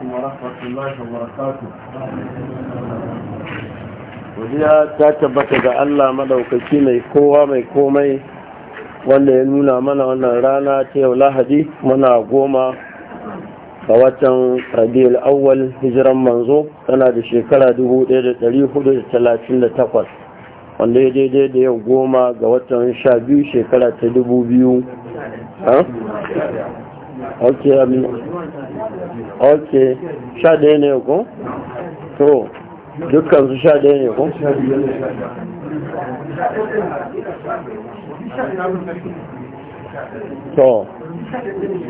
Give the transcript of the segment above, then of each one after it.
عليكم ورحمة الله وبركاته wajiya ta tabbata ألا Allah madaukaki mai kowa mai komai wanda ya nuna mana wannan rana ta yau lahadi muna goma a watan rabiul awwal hijiran manzo tana da shekara 1438 wanda ya daidai da yau goma ga watan sha biyu shekara ta 2000 ok abi ok sha ɗaya ne ko to dukkan su sha ɗaya ne ko to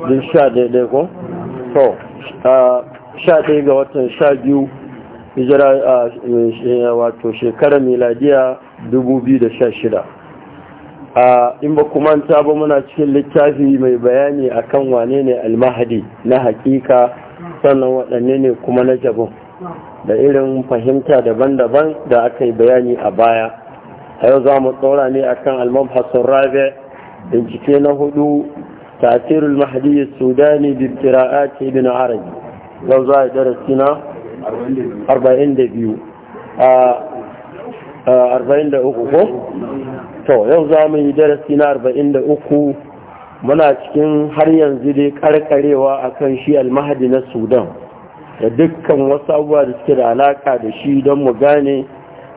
duk sha ɗaya ɗaya ko to sha ɗaya ga watan sha biyu hijira wato shekarar miladiya 2016 a in ba kuma ta ba muna cikin littafi mai bayani akan wane ne almahadi na hakika sannan waɗanne ne kuma na jabin da irin fahimta daban-daban da aka yi bayani a baya a yau za mu tsora ne akan almabhasun rabe bincike na hudu tasirul mahadi sudani bi qira'ati ibn arabi yau za a darasi na 42 a 43 ko to yau za mu yi darasi na arba'in da uku muna cikin har yanzu dai karkarewa akan shi almahadi na sudan da dukkan wasu abubuwa da suke da alaka da shi don mu gane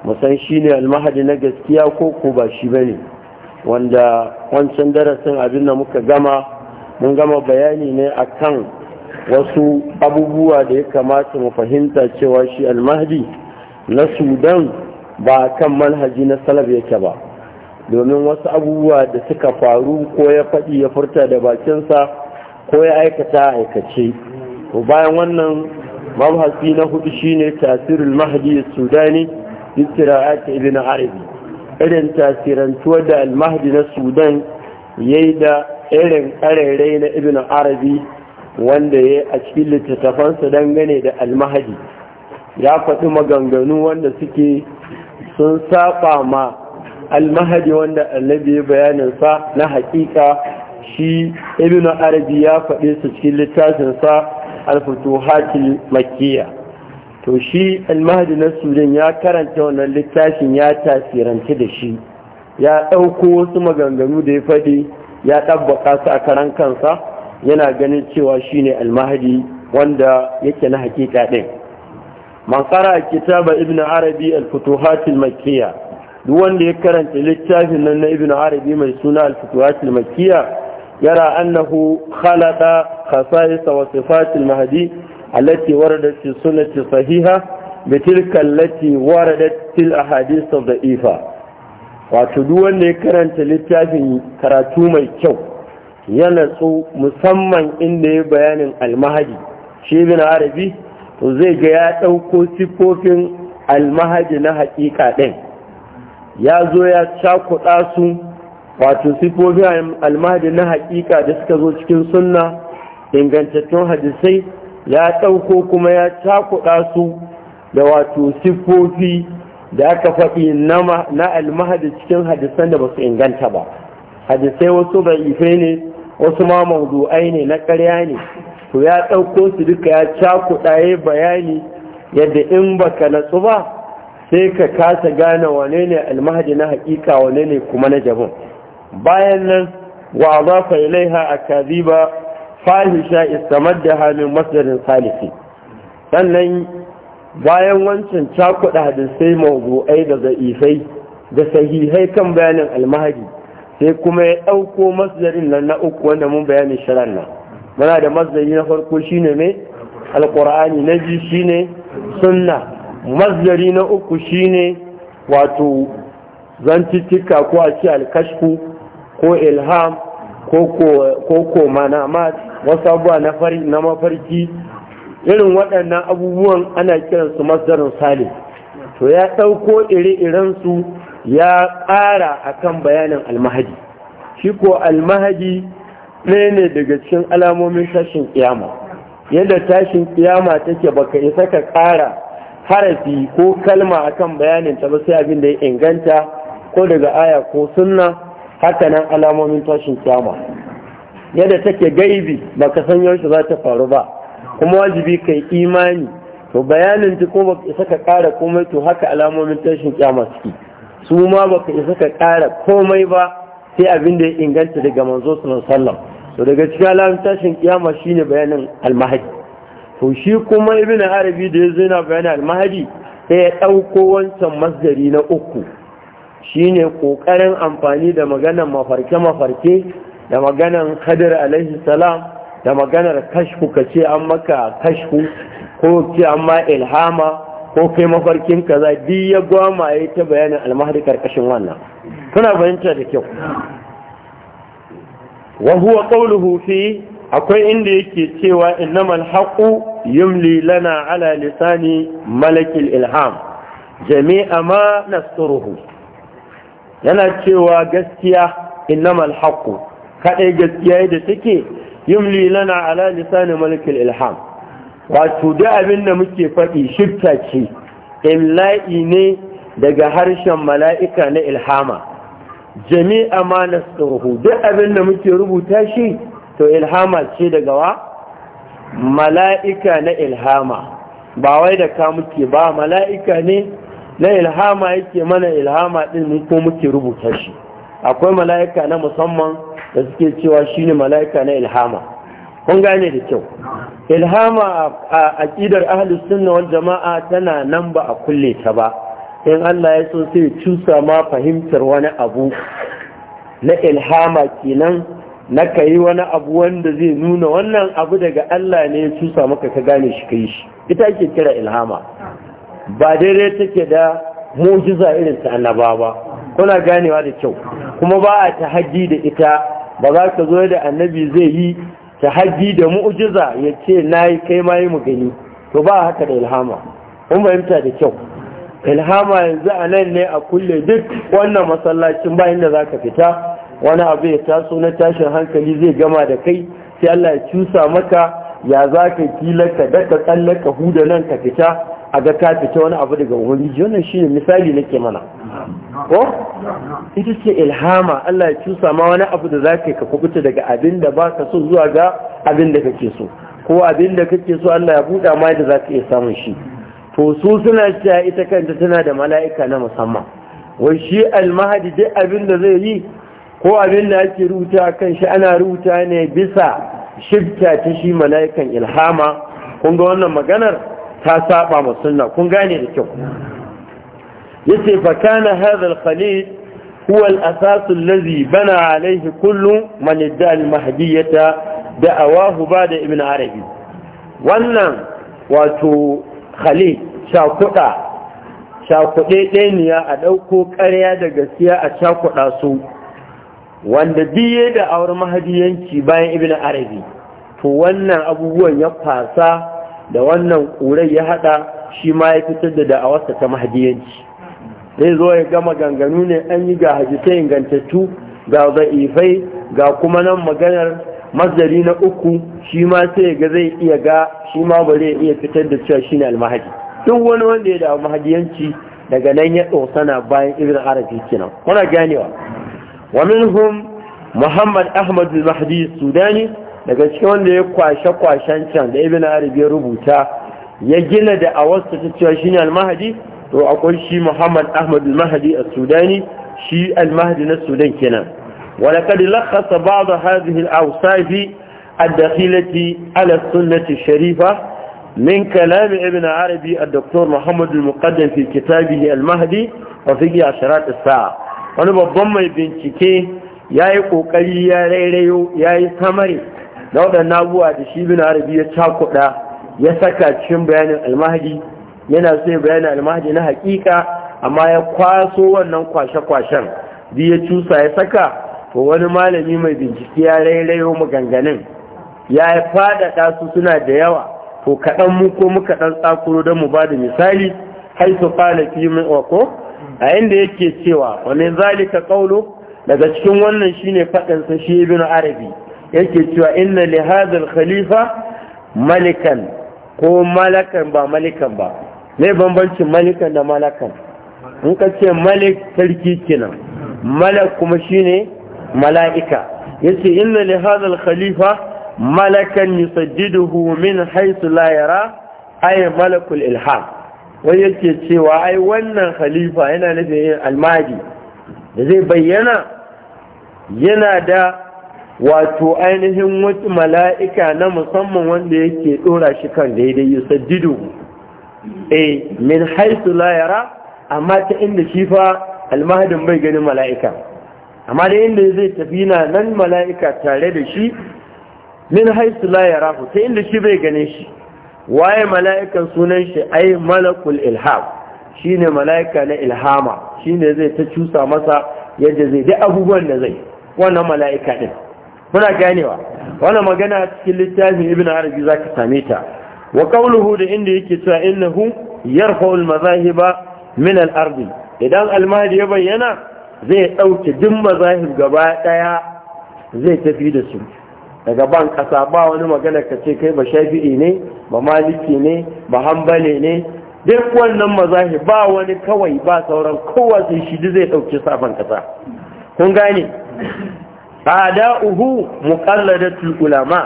musan shi ne almahadi na gaskiya ko ko ba shi ba ne wanda wancan darasin abin da muka gama mun gama bayani ne a kan wasu abubuwa da ya kamata mu fahimta cewa shi almahadi na sudan ba kan manhaji na salaf yake ba domin wasu abubuwa da suka faru ko ya faɗi ya furta da bakinsa ko ya aikata aikace bayan wannan mabhasi na hudu shine tasirul mahdi sudani istira'at ibn arabi irin tasirantuwa da al-mahdi na sudan yayi da irin karere na ibn arabi wanda ya a cikin littattafansa dangane da al-mahdi ya faɗi maganganu wanda suke sun saba ma almahadi wanda annabi ya bayanin sa na hakika shi ibnu arabi ya faɗe su cikin littafinsa sa makiya to shi almahadi na sudan ya karanta wannan littafin ya tasiranci da shi ya ɗauko wasu maganganu da ya faɗi ya ɗabbaka su a karan kansa yana ganin cewa shine almahadi wanda yake na hakika ɗin man qara kitaba ibn arabi alfutuhatil makiya duk wanda ya karanta littafin nan na ibn arabi mai suna al-fituhat makkiya yara annahu khalaqa khasa'is wa sifat al-mahdi allati waradat fi sunnati sahiha bi tilka allati waradat fil ahadith daifa wato duk wanda ya karanta littafin karatu mai kyau ya natsu musamman inda ya bayanin al-mahdi shi ibn arabi to zai ga ya dauko sifofin al-mahdi na haƙiƙa ɗin ya zo ya cakuɗa su wato sifofin almahdi na haƙiƙa da suka zo cikin sunna ingantattun hadisai ya ɗauko kuma ya cakuɗa su da wato sifofi da aka faɗi na almahadi cikin hadisan da ba su inganta ba hadisai wasu ba ife ne wasu ma mawdu'ai ne na ƙarya ne to ya ɗauko su duka ya cakuɗa ya bayani yadda in baka natsu ba sai ka kasa gane wane ne almahadi na hakika wane ne kuma na jabin bayan nan wa za fa ilaiha akaziba fahisha da hannun masarin salisi sannan bayan wancan cakuɗa hadisai mawdu'ai da za'ifai da sahihai kan bayanin almahadi sai kuma ya ɗauko masarin nan na uku wanda mun bayanin shirin nan muna da masarin na farko shine mai alƙur'ani na biyu shine sunna mazari na uku shine wato zantittika ko a ce alkashku ko ilham ko ko manamat wasu abuwa na mafarki irin waɗannan abubuwan ana kiransu masdarin salim to ya ɗauko ire-irensu ya ƙara akan bayanin almahadi shi ko almahadi ɗaya ne daga cikin alamomin tashin kiyama yadda tashin kiyama take baka isa ka ƙara harafi ko kalma akan bayanin ta ba sai abin da ya inganta ko daga aya ko sunna haka nan alamomin tashin kyama yadda take gaibi ba ka san yaushe za ta faru ba kuma wajibi kai imani to bayanin ta ba ka isa ka kara komai to haka alamomin tashin kyama suke su ma baka isa ka kara komai ba sai abin da ya inganta daga manzo sallallahu alaihi wasallam to daga cikin alamomin tashin kyama shine bayanin almahdi to shi kuma ibn arabi da ya zo yana bayani al-mahdi sai ya dauko wancan masdari na uku shine kokarin amfani da maganar mafarke-mafarke da maganar kadir alaihi salam da maganar kashfu kace an maka kashfu ko ce an ilhama ko kai mafarkin kaza di ya gwama ya ta bayanin al-mahdi karkashin wannan kuna fahimta da kyau wa huwa qawluhu fi akwai inda yake cewa innamal haqu yumli lana ala lisani malakil ilham jami'a ma nasturuhu yana cewa gaskiya innamal haqu Kaɗai gaskiya da take yumli lana ala lisani malakil ilham wato da abin da muke faɗi shifta ce imla'i ne daga harshen mala'ika na ilhama jami'a ma nasturuhu duk abin da muke rubuta shi to ilhama ce daga wa mala'ika na ilhama ba wai da ka muke ba mala'ika ne na ilhama yake mana ilhama din mu ko muke rubuta shi akwai mala'ika na musamman da suke cewa shine mala'ika na ilhama kun gane da kyau ilhama a aƙidar ahlus sunna wal jama'a tana nan ba a kulle ta ba in Allah ya so sai cusa ma fahimtar wani abu na ilhama kenan na ka yi wani abu wanda zai nuna wannan abu daga Allah ne su samu ka gane shi ka yi shi ita ake kira ilhama ba daidai take da mujiza irin ta annaba ba kuna ganewa da kyau kuma ba a ta haji da ita ba za ka zo da annabi zai yi ta haji da mujiza ya ce na yi kai ma yi mu gani to ba haka da ilhama kun fahimta da kyau ilhama yanzu a nan ne a kulle duk wannan masallacin bayan da za ka fita wani abu ya taso na tashin hankali zai gama da kai sai Allah ya cusa maka ya za ka kila ka daka tsallaka huda nan ka fita a ga ka fita wani abu daga ubangiji wannan shine misali nake mana ko ita ce ilhama Allah ya cusa ma wani abu da za ka kubuta daga abin da ba so zuwa ga abin da kake so ko abin da kake so Allah ya buɗa ma da zaka iya samun shi to su suna cewa ita kanta tana da mala'ika na musamman wai shi almahadi dai abin da zai yi ko abin da ake rubuta kan shi ana rubuta ne bisa shifta ta shi mala'ikan ilhama kun ga wannan maganar ta saba ma sunna kun gane da kyau yace fa kana hadha al-khalid huwa al-asas alladhi bana alayhi kullu man idda al-mahdiyyata da'awahu ba'da ibn arabi wannan wato khalid shakuda shakude ɗaya a ɗauko ƙarya da gaskiya a shakuda su wanda biye da auren mahadiyanci bayan ibn arabi to wannan abubuwan ya fasa da wannan ƙurai ya hada shi ma ya fitar da da'awarsa ta mahadiyanci zai zo ya gama ganganu ne an yi ga hajjitai ingantattu ga za'ifai ga kuma nan maganar mazari na uku shi ma sai ga zai iya ga shi ma ba zai iya fitar da cewa shine almahadi duk wani wanda ya da mahadiyanci daga nan ya dosana bayan ibn arabi kenan kuna ganewa wa minhum muhammad ahmad sudani daga cikin wanda ya kwashe kwashen can da ibn arabi ya rubuta ya gina da awasta ta cewa shine al-mahdi to akwai shi muhammad ahmad al-mahdi al-sudani shi al-mahdi na sudan kenan wa laqad lakhasa ba'd hadhihi al-awsaf الدخيلة على السنة الشريفة من كلام ابن عربي الدكتور محمد المقدم في كتابه المهدي وفي عشرات sa'a. wani babban mai bincike ya yi ƙoƙari ya rairayo ya yi samari na waɗannan abuwa da shi bin arabi ya cakuɗa ya saka cikin bayanin almahadi yana so ya bayanin almahadi na haƙiƙa amma ya kwaso wannan kwashe-kwashen bi ya cusa ya saka to wani malami mai bincike ya rairayo maganganun ya yi faɗaɗa su suna da yawa to kaɗan mu ko muka ɗan tsakuro don mu ba da misali haisu ƙala mai wako a inda yake cewa wa min zalika qawlu daga cikin wannan shine fadan sa shi ibn arabi yake cewa inna li hadha al khalifa malikan ko malakan ba malikan ba me bambancin malikan da malakan in ka ce malik sarki kenan malak kuma shine mala'ika yace inna li hadha al khalifa malakan yusajjiduhu min haythu la yara ay malakul ilham wai yake cewa ai wannan khalifa yana nufin almadi da zai bayyana yana da wato ainihin wata mala'ika na musamman wanda yake ɗora shi kan daidai yusaddidu eh min haisu layara amma ta inda shi fa almahadin bai ganin mala'ika amma da inda zai tafi na nan mala'ika tare da shi min haisu layara ta inda shi bai ganin shi waye mala'ikan sunan shi ai malakul ilham shine mala'ika na ilhama shine zai ta cusa masa yadda zai da abubuwan da zai wannan mala'ika din muna ganewa wannan magana cikin littafin ibn arabi zaka same ta wa qawluhu da inda yake cewa innahu yarfa'u al-mazahiba min al-ard idan al-mahdi ya bayyana zai dauke duk mazahib gaba daya zai tafi da su daga ban kasa ba wani magana ka ce kai ba shafi'i ne ba maliki ne ba hambale ne duk wannan mazahi ba wani kawai ba sauran kowa sai shi zai dauke sabon ƙasa. kasa kun gane ada'uhu muqalladatul ulama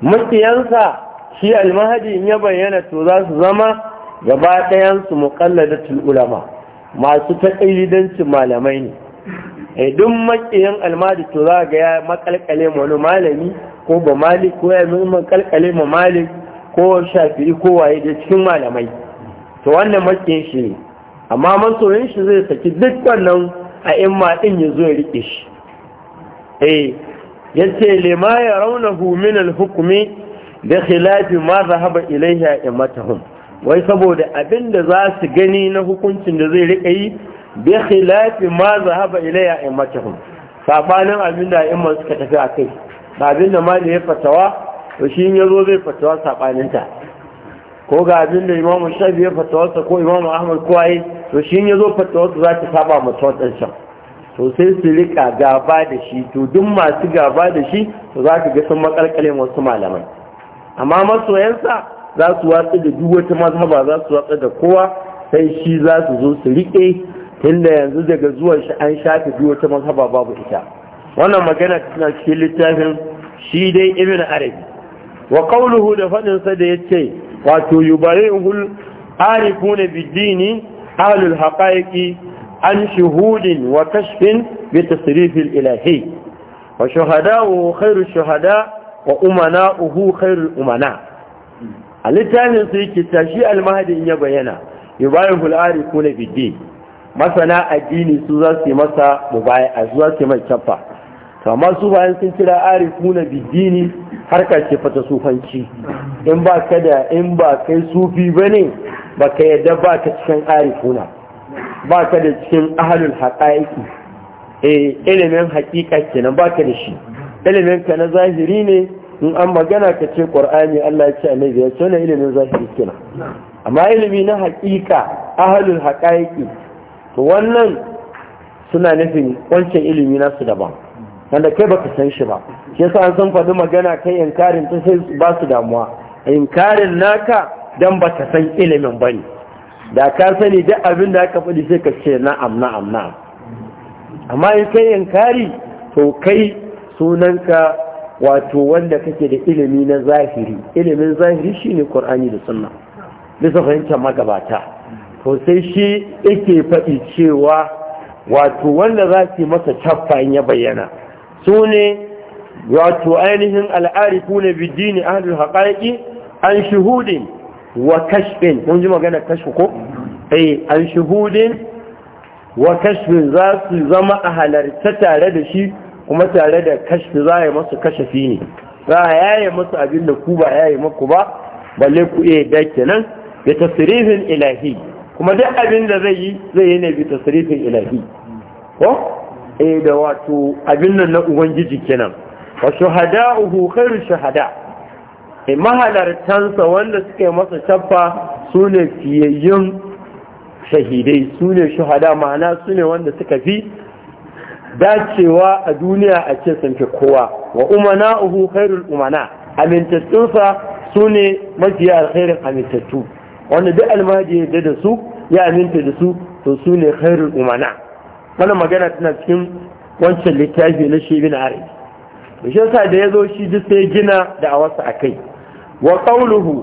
mutiyansa shi almahadi ya bayyana to za su zama gaba ɗayan su muqalladatul ulama masu taƙayyidancin malamai ne Eh, duk makiyan almadi to za ga ya makalkale ma wani malami ko ba malik ko ya makalkale ma malik ko shafi'i ko waye da cikin malamai to wannan makiyin shi ne amma masoyin shi zai saki duk wannan a imma din ya zo ya rike shi eh yace ma ya raunahu min al-hukmi da khilaf ma zahaba ilaiha imatuhum wai saboda abinda za su gani na hukuncin da zai rika yi bi khilafi ma zahaba ilayya immatuhum sabanin abin da suka tafi a kai ma da ya fatawa to shi ya zo zai fatawa sabanin ta ko ga abinda imam shafi ya fatawa sa ko imam ahmad kuwaye to shi ya zo fatawa za ta saba mu dan shan to sai su rika gaba da shi to duk masu gaba da shi to za ka ga sun makalkale wasu malamai amma masoyansa za su watsa da duk wata mazhaba za su watsa da kowa sai shi za su zo su rike tunda yanzu daga zuwan shi an shafe biyu wata mazhaba babu ita wannan magana tana cikin littafin shi dai ibn arabi wa qawluhu da fadin sa da yace wato yubayihul arifuna bid-dini ahlul haqaiqi an shuhudin wa kashfin bi tasrifil ilahi wa shuhada'u khairu shuhada wa umana'uhu khairu umana a littafin sai ke tashi almahadi in ya bayyana yubayihul arifuna bid-dini masana addini su za su yi masa mubaya a zuwa su mai kyaffa to amma su bayan sun kira arifuna bidini harkar ce fata sufanci in ba ka da in ba kai sufi ne ba ka yadda ba ka cikin arifuna ba ka da cikin ahalul haƙa'iƙi eh ilimin haƙiƙa kenan ba ka da shi ilimin ka na zahiri ne in an magana ka ce ƙwar'ani Allah ya ce annabi ya ce ilimin zahiri kenan amma ilimi na haƙiƙa ahalul haƙa'iƙi to wannan suna nufin wancan ilimi nasu daban wanda kai baka san shi ba shi yasa an san faɗi magana kai inkarin ta sai ba su damuwa inkarin naka dan ba baka san ilimin ba ne. da ka sani duk abin da aka faɗi sai ka ce na'am na'am na'am amma in kai inkari to kai sunanka wato wanda kake da ilimi na zahiri ilimin zahiri shine qur'ani da sunna bisa fahimtar magabata to sai shi yake faɗi cewa wato wanda za su yi masa caffa in ya bayyana su ne wato ainihin al'arifu na bidini ahlul haƙaƙi an shuhudin wa kashfin kun ji magana kashfi ko eh an shuhudin wa kashfin za su zama a halarta tare da shi kuma tare da kashfi za a yi masu kashafi ne za a yaye masu abin da ku ba yaye maku ba balle ku iya da nan. ya tasirifin ilahi kuma duk abin da zai yi zai yi ne bi tasrifin ilahi ko eh da wato abin nan na ubangiji kenan wa shuhada'uhu khairu shuhada eh mahalartansa wanda suke masa shaffa sune fiyayyun shahidai sune shuhada ma'ana sune wanda suka fi dacewa a duniya a ce sun fi kowa wa umana'uhu khairul umana amintattunsa sune mafiya alkhairin amintattu wanda duk almaji ya yarda da su ya aminta da su to su ne khairul umana wannan magana tana cikin wancan littafi na shi bin ari da shi yasa da yazo shi duk sai gina da a wasu akai wa qawluhu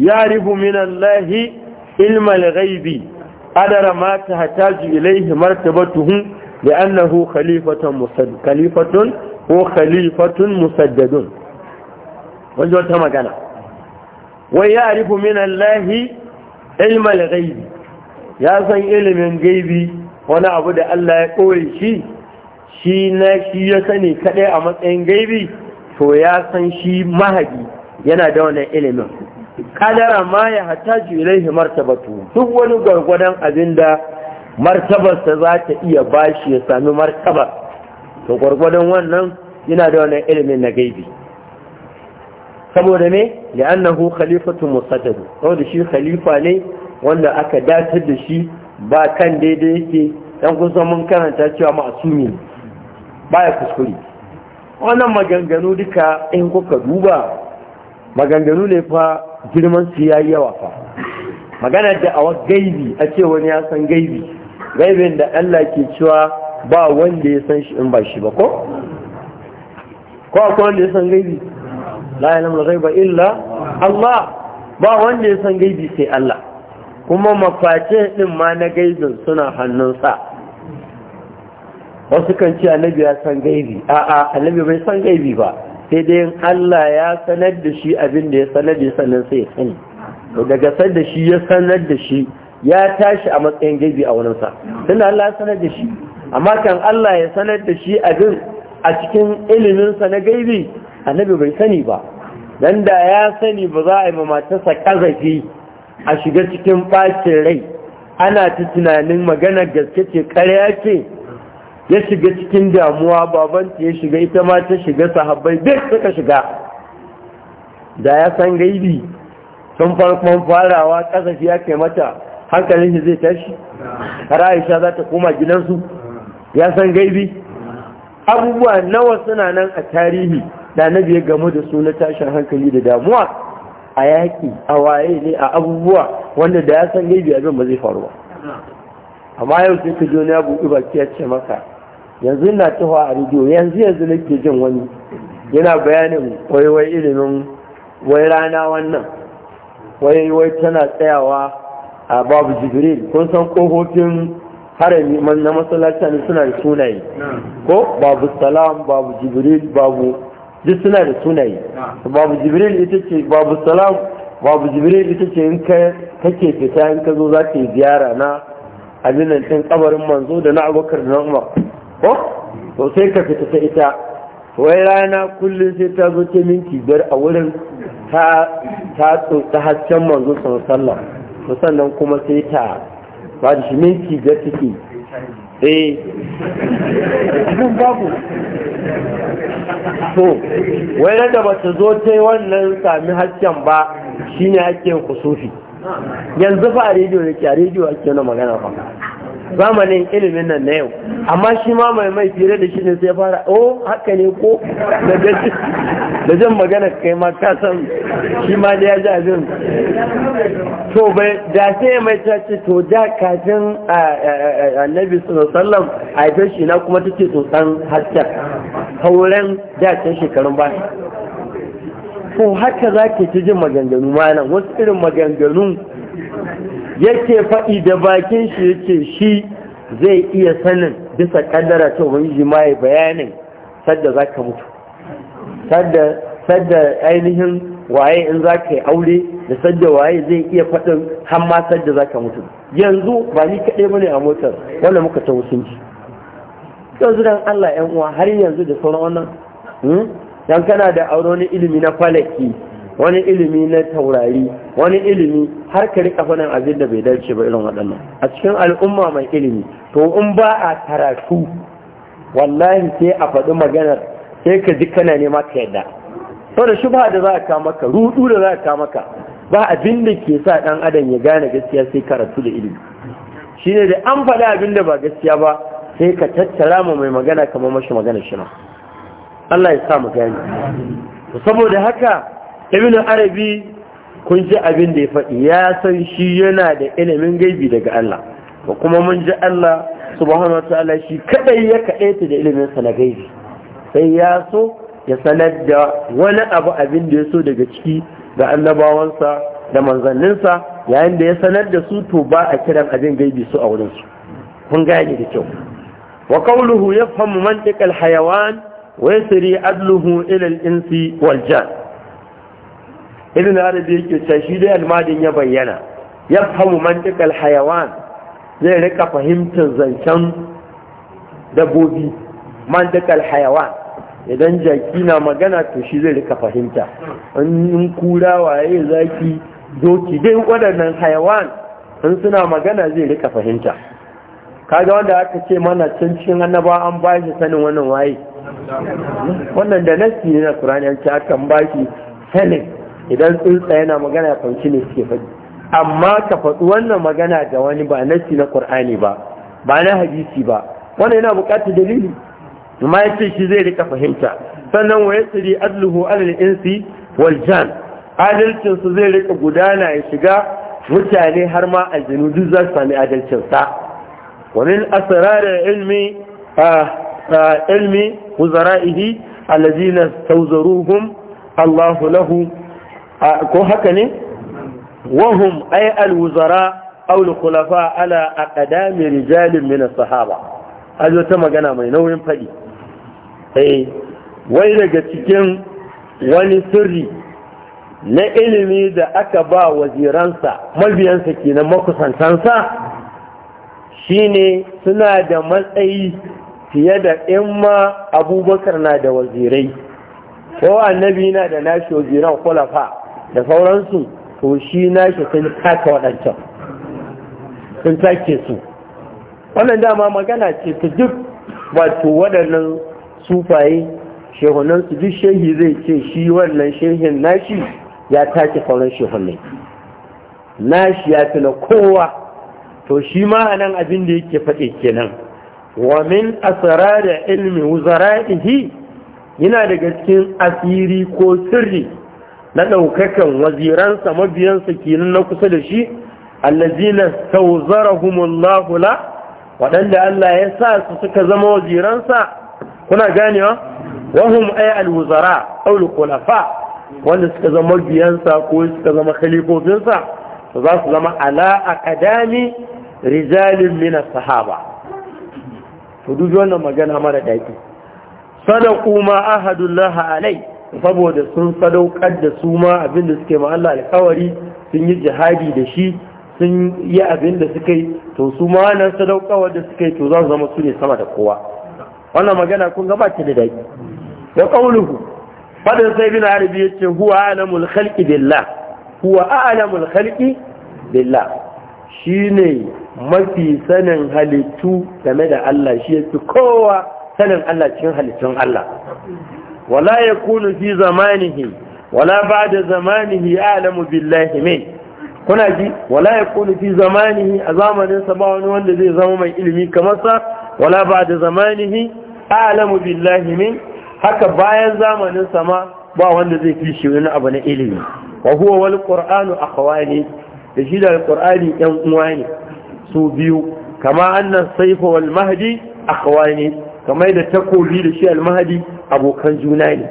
yarifu min allahi ilma al-ghaibi adara ma tahtaju ilayhi martabatuhu لأنه خليفة مسد خليفة هو خليفة مسدد وانجو تما magana. wai ya arifu min Allahi ilmal gaibi. ya san ilimin gaibi wani abu da Allah ya koyi shi shi na shi ya sani kaɗai a matsayin gaibi to ya san shi mahadi yana da wannan ilimin kadara ma ya hataju ilaihi martabatu duk wani gwargwadon abinda martabarsa za ta iya bashi ya sami martabar to gwargwadon wannan yana da wannan ilimin na gaibi saboda me li'annahu khalifatu musaddad saboda shi khalifa ne wanda aka datar da shi ba kan daidai yake dan kusan mun karanta cewa ma'asumi ne baya kuskure wannan maganganu duka in kuka duba maganganu ne fa girman su yayi yawa fa magana da awa gaibi a ce wani ya san gaibi gaibin da Allah ke cewa ba wanda ya san shi in ba shi ba ko ko akwai wanda ya san gaibi la ya'lamu al illa Allah ba wanda ya san gaibi sai Allah kuma maface din ma na gaibin suna hannunsa wasu kan ce annabi ya san gaibi a'a annabi bai san gaibi ba sai dai Allah ya sanar da shi abin da ya sanar da sannan sai ya sani to daga sanar da shi ya sanar da shi ya tashi a matsayin gaibi a wurinsa tunda Allah ya sanar da shi amma kan Allah ya sanar da shi abin a cikin iliminsa na gaibi annabi bai sani ba dan da ya sani ba za a yi matarsa kazafi a shiga cikin bacin rai ana ta tunanin magana gaske ce karya ce ya shiga cikin damuwa babanta ya shiga ita ma ta shiga sahabbai duk suka shiga da ya san gaibi sun farkon farawa kasafi ya ke mata hankalin shi zai tashi har aisha za ta koma gidansu ya san gaibi abubuwa nawa suna nan a tarihi da annabi ya gamu da su na tashin hankali da damuwa a yaki, a waye ne a abubuwa wanda da ya san gaibi abin ba zai faru ba amma yau sai ka jona ya buɗe baki ya ce maka yanzu na tawa a rediyo yanzu yanzu nake jin wani yana bayanin waiwai ilimin wai rana wannan waiwai tana tsayawa a babu jibril kun san kofofin harami na masallaci suna da sunaye ko babu salam babu jibril babu duk suna da sunaye babu jibril ita ce babu salam babu jibril ita ce in ka kake fita in ka zo za ka yi ziyara na aminan ɗin kabarin manzo da na abokar da na ko to sai ka fita ta ita wai rana kullum sai ta zo ce minti biyar a wurin ta ta hasken manzo sallallahu to sannan kuma sai ta ba da shi minti biyar take eh babu to wai da ba su zo ta yi wannan sami hasken ba shine ake kusufi yanzu fa a rediyo da ke a rediyo ake na magana fa zamanin ilimin nan na yau amma shi ma mai mai fira da shi ne sai fara o oh, haka ne ko da jan magana kai ma ka san shi ma da ya ji abin to bai da sai mai ta ce to da kafin annabi sallallahu alaihi shi na kuma take san hasken hauren da can shekarun baya Ko haka za ki ci jin maganganu malam wasu irin maganganu yake faɗi da bakin shi yake shi zai iya sanin bisa kaddara ta ubangiji ma ya bayanin sadda za ka mutu sadda ainihin waye in za ka yi aure da sadda waye zai iya faɗin hamma sadda za ka mutu yanzu ba ni kaɗai ne a motar wanda muka ta mutunci yanzu dan Allah ƴan uwa har yanzu da sauran wannan hmm? dan kana da aure wani ilimi na falaki wani ilimi na taurari wani ilimi har ka rika faɗin abin da bai dace ba irin waɗannan a cikin al'umma mai ilimi to in ba a karatu wallahi sai a faɗi magana sai ka ji kana nema ka yadda to da shubha da za a kawo maka rudu da za a kawo maka ba abin da ke sa ɗan adam ya gane gaskiya sai karatu da ilimi shine da an faɗi abin da ba gaskiya ba sai ka tattara ma mai magana kamar mashi magana shi ma Allah ya sa mu gani saboda haka ibnu arabi kun ji abin da ya faɗi ya san shi yana da ilimin gaibi daga Allah ba kuma mun ji Allah subhanahu wa ta'ala shi kadai ya kaɗaita da ilimin sa na gaibi sai ya so ya sanar da wani abu abin da ya so daga ciki ga annabawansa da manzanninsa yayin da ya sanar da su to ba a kiran abin gaibi su a wurinsu kun gane da kyau wa qawluhu yafhamu mantiqal hayawan wa yasri adluhu ila al-insi wal irin arabi yake ta shi dai almadin ya bayyana ya fahimu mantikal hayawan zai rika fahimtar zancen dabbobi mantikal hayawan idan jaki na magana to shi zai rika fahimta in kura waye zaki doki dai waɗannan hayawan in suna magana zai rika fahimta kaga wanda aka ce mana can cikin annaba an ba shi sanin wannan waye wannan da nasi ne na Qur'ani an ce aka ba shi sanin idan tsuntsa yana magana ya fahimci ne suke faɗi amma ka faɗi wannan magana ga wani ba nasi na qur'ani ba ba na hadisi ba wannan yana buƙatar dalili amma ya ce shi zai rika fahimta sannan wa yasri adluhu alal insi wal jan adalcin su zai rika gudana ya shiga mutane har ma aljinu duk za su sami adalcin sa wa min asrarar ilmi ilmi wuzara'ihi allazina tawzaruhum Allahu lahu ko haka ne wahum ay alwuzara aw al-khulafa ala aqdami rijalin min as-sahaba ajo ta magana mai nauyin fadi eh wai daga cikin wani sirri na ilimi da aka ba waziransa mabiyansa kenan makusantansa shine suna da matsayi fiye da in ma abubakar na da wazirai ko annabi na da nashi waziran kulafa da sauransu to shi na shi sun taka waɗancan sun take su wannan dama magana ce ta duk wato waɗannan sufaye su. duk shehi zai ce shi wannan shehin nashi ya take sauran shehunai nashi ya fi na kowa to shi ma a nan abin da yake faɗe kenan wa min da ilmi wuzara'ihi yana daga cikin asiri ko sirri na ɗaukakan waziransa mabiyansa kenan na kusa da shi allazina tawzarahumullahu la waɗanda Allah ya sa su suka zama waziransa kuna ganewa wahum ay alwuzara aw alkhulafa wanda suka zama mabiyansa ko suka zama khalifofinsa za su zama ala aqdami rijalin min sahaba to duk wannan magana mara daki sadaqu ma ahadullah alai saboda sun sadaukar da su ma abin da suke Allah alkawari sun yi jihadi da shi sun yi abin da suka yi to su ma nan sadaukawar da suka yi to za su zama su ne sama da kowa wannan magana kun gaba ta da dadi wa qawluhu fadin sai bin arabi yace huwa alamul khalqi billah huwa alamul khalqi billah shine mafi sanin halittu game da Allah shi yafi kowa sanin Allah cikin halittun Allah wala yakunu fi zamanihi wala ba'da zamanihi a'lamu billahi min kuna ji wala yakunu fi zamanihi a zamanin sa ba wani wanda zai zama mai ilimi kamar sa wala ba'da zamanihi a'lamu billahi min haka bayan zamanin sa ma ba wanda zai fi shi wani abu na ilimi wa huwa wal qur'anu akhwani da shi da yan uwa ne su biyu kama annas sayfa wal mahdi akhwani kamar da takobi da shi al mahdi abokan juna ne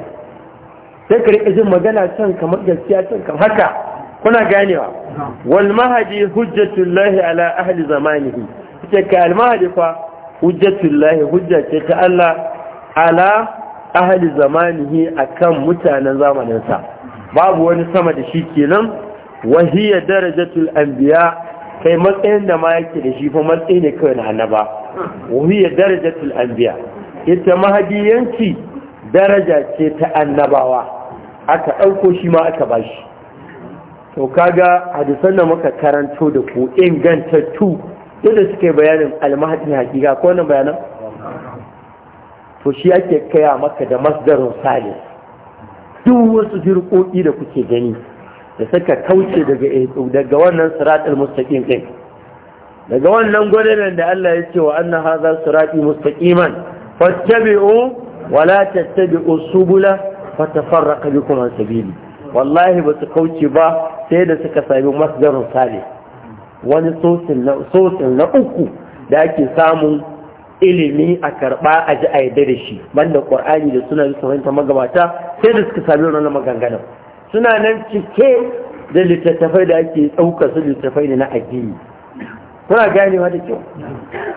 sai ka riƙa jin magana can kamar gaskiya can kamar haka kuna ganewa wal mahadi hujjatullahi ala ahli zamanihi ce ka al mahadi fa hujjatullahi hujja ce ta Allah ala ahli zamanihi akan mutanen zamaninsa babu wani sama da shi kenan wahiya darajatul anbiya kai matsayin da ma yake da shi fa matsayi ne kawai na annaba wahiya darajatul anbiya ita mahadiyanci daraja ce ta annabawa aka ɗauko shi ma aka shi to kaga hadisan da muka karanto da ku ingantattu duk suke bayanin almahadin hakika ko wannan bayanan to shi ake kaya maka da masdarin salis duk wasu jirƙoƙi da kuke gani da suka kauce daga daga wannan siratul mustaqim din daga wannan gwanin da Allah ya ce wa annaha za sirati mustaqiman fattabi'u wala tattabi'u subula fatafarraqa bikum an sabili wallahi ba su kauce ba sai da suka sami masdarun sale wani sosin na uku da ake samun ilimi a karɓa a ji a yadda da shi banda ƙwar'ani da suna bisa fahimta magabata sai da suka sami wannan maganganu suna nan cike da littattafai da ake ɗauka su littattafai na addini kuna ganewa da kyau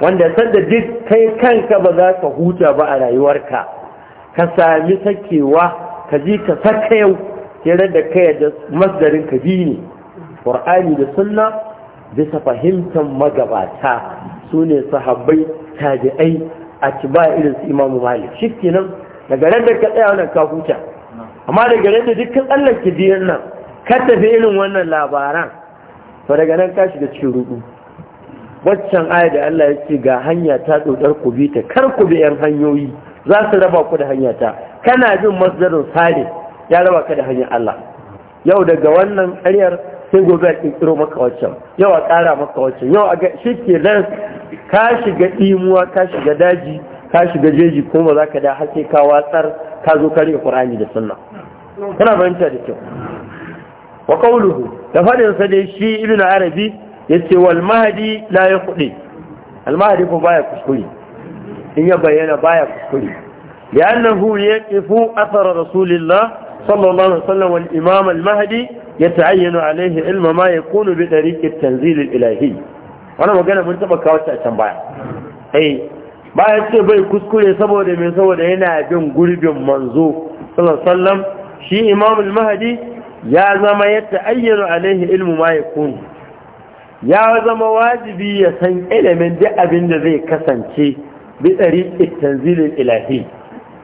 wanda sanda duk kai kanka ba za ka huta ba a rayuwarka ka sami sakewa ka ji ka saka yau tare da kai da masdarin ka ne qur'ani da sunna bisa fahimtar magabata su sune sahabbai tabi'ai ba irin su imamu malik shikenan da ran da ka tsaya wannan ka huta amma da garin da dukkan Allah ki biyan nan ka tafi irin wannan labaran to daga nan ka shiga cikin rudu waccan aya da Allah ya ce ga hanya ta dodar ku bi ta kar ku bi yan hanyoyi za su raba ku da hanya ta kana bin masdarin sare ya raba ka da hanyar Allah yau daga wannan ƙaryar sai gobe a ƙirƙiro maka waccan yau a ƙara maka waccan yau a shi ke nan ka shiga imuwa ka shiga daji ka shiga jeji kuma za ka da har ka watsar ka zo karya ƙur'ani da sunna kana fahimta da kyau wa qawluhu da faɗin sa dai shi ibnu arabi yace wal mahdi la yaqdi al mahdi ko baya kuskure in ya bayyana baya kuskure li'annahu yaqifu athara rasulillah sallallahu alaihi wasallam wal imam al mahdi yata'ayyanu alaihi ilma ma yakunu bi tariqi at-tanzil al-ilahi wannan magana mun taba kawo ta can baya eh baya ce bai kuskure saboda me saboda yana bin gurbin manzo sallallahu alaihi wasallam shi imam al mahdi ya zama ya yata'ayyanu alaihi ilmu ma yakunu ya zama wajibi ya san ilimin duk abin da zai kasance bi tariqit ilahi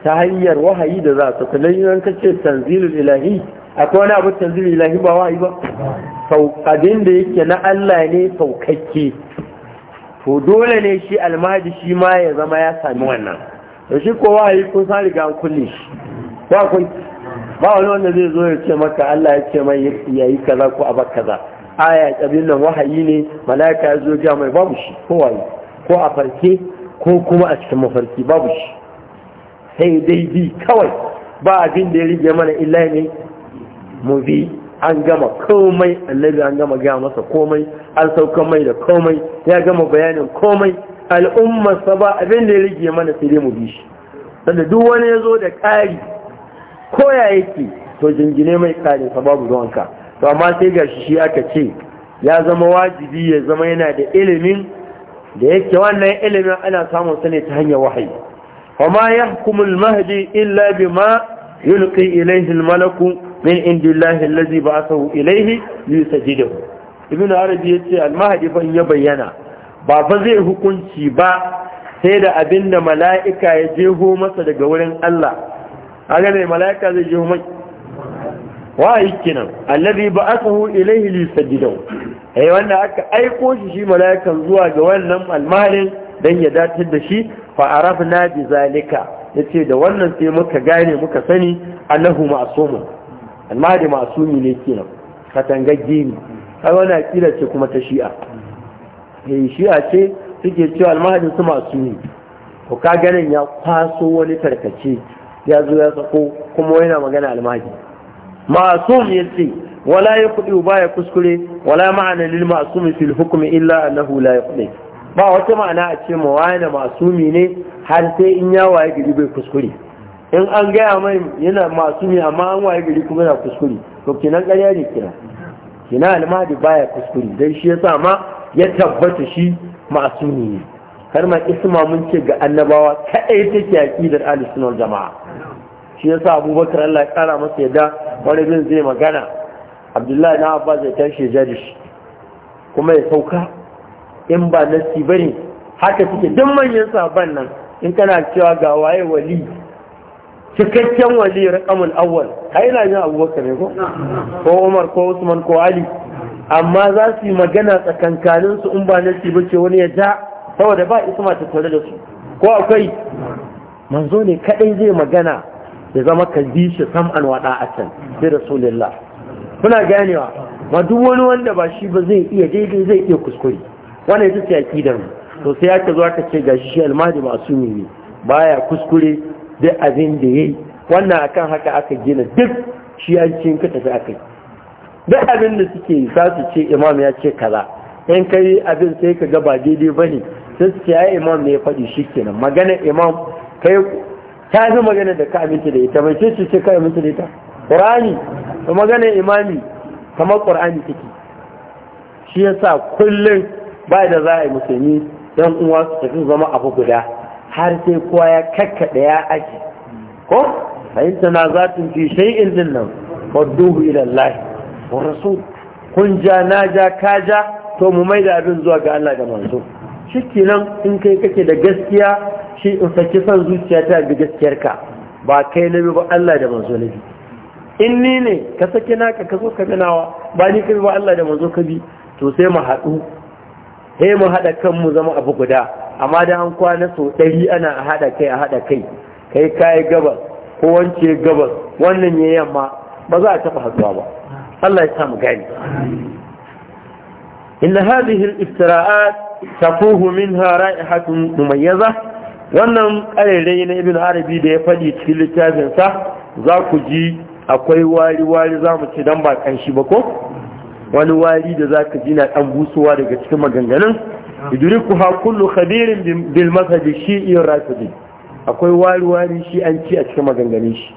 ta hanyar wahayi da za su kullun ka ce tanzilul ilahi "A wani abu tanzilul ilahi ba wahayi ba saukadin da yake na Allah ne saukakke to dole ne shi almadi shi ma ya zama ya sami wannan da shi ko wahayi kun san riga an kulle shi ba kun ba wani wanda zai zo ya ce maka Allah ya ce mai yayi kaza ko a kaza aya kabin nan wahayi ne malaika ya zo ga mai babu shi ko wahayi ko a farke ko kuma a cikin mafarki babu shi sai dai bi kawai ba abin da ya rige mana illa ne mu bi an gama komai annabi an gama gaya masa komai an sauka mai da komai ya gama bayanin komai al'umma ba abin da ya rige mana sai dai mu bi shi sanda duk wani ya zo da ƙari ko ya yake to jingine mai ƙari sa babu ruwanka to amma sai gashi shi aka ce ya zama wajibi ya zama yana da ilimin da yake wannan ilimin ana samun sa ne ta hanyar wahayi kuma ya hukumul mahdi illa bima yulqi ilayhi al-malaku min indillahi allazi ba'athahu ilayhi yusajidu ibnu arabi yace al-mahdi fa ya bayyana ba fa zai hukunci ba sai da abinda mala'ika ya jeho masa daga wurin Allah haka ne mala'ika zai jeho mai wa yake nan allazi ba'athahu ilayhi yusajidu eh wanda aka aiko shi shi mala'ikan zuwa ga wannan almalin dan ya datar da shi fa arafna bi zalika yace da wannan sai muka gane muka sani annahu ma'sumun masu ma'sumi ne kenan katangagge ne kai wannan akida ce kuma ta shi'a eh shi'a ce suke cewa almalin su ma'sumi to ka ganin ya kwaso wani tarkace ya zo ya sako kuma yana magana almali ma'sum yace wala yaqdi ba ya kuskure wala ma'ana lil ma'sum fil hukmi illa annahu la yaqdi ba wata ma'ana a ce mawana masumi ne har sai in ya waye gari bai kuskure in an gaya mai yana masumi amma an waye gari kuma yana kuskure to kinan ƙarya ne kina kina almadi baya kuskure dan shi yasa ma ya tabbata shi masumi ne har ma isma mun ce ga annabawa kaɗai take aqidar ahlus sunna jama'a shi yasa abubakar Allah ya kara masa yadda wani zai magana abdullahi na abba zai tashi jari shi kuma ya sauka in ba nasi bane haka suke duk manyan sabon nan in kana cewa ga waye wali cikakken wali rakamul awwal kai na yin abubakar ne ko ko umar ko usman ko ali amma za su yi magana tsakankanin su in ba nasi bace wani ya ja saboda ba isma ta tare da su ko akwai manzo ne kadai zai magana ya zama kadishi sam'an wada a can kuna ganewa ma duk wani wanda ba shi ba zai iya daidai zai iya kuskure wannan ita ce akidar mu to sai aka zo aka ce gashi shi almadi masumi ne baya kuskure duk abin da yayi wannan akan haka aka gina duk shi an cin ka tafi akai duk abin da suke yi za su ce imam ya ce kaza in kai abin sai ka ga ba daidai bane sai su ce ya imam ne ya faɗi shi kenan magana imam kai ta fi magana da ka aminta da ita mai ce ce ka aminta da ita ƙur'ani da magana imami kamar ƙur'ani take shi yasa kullum ba da za a yi musulmi don uwa su tafi zama abu guda har sai kowa ya kakkaɗe ya aji ko ta na zatin fi in din nan duhu ila Allah wa rasul kun ja na ja ka ja to mu mai da abin zuwa ga Allah da manzo kenan in kai kake da gaskiya shi in saki son zuciya ta bi gaskiyarka ba kai nabi ba Allah da manzo nabi in ni ne ka sake naka ka zo ka ganawa ba ni ka ba Allah da manzo ka bi to sai mu haɗu sai mu haɗa kanmu zama abu guda amma da an kwana so ɗari ana a haɗa kai a haɗa kai kai yi gabas ko wance gabas wannan ya yamma ba za a taɓa haɗuwa ba Allah ya samu gani إن هذه الافتراءات تفوه منها رائحة مميزة wannan ƙararrai na ibn arabi da ya faɗi cikin littafinsa za ku ji akwai wari-wari za mu ce don ba kanshi ba ko wani wari da za ka ji na ɗan busowa daga cikin maganganun idriku ha kullu khabirin bil mazhabi rafidi akwai wari-wari shi an ci a cikin maganganun shi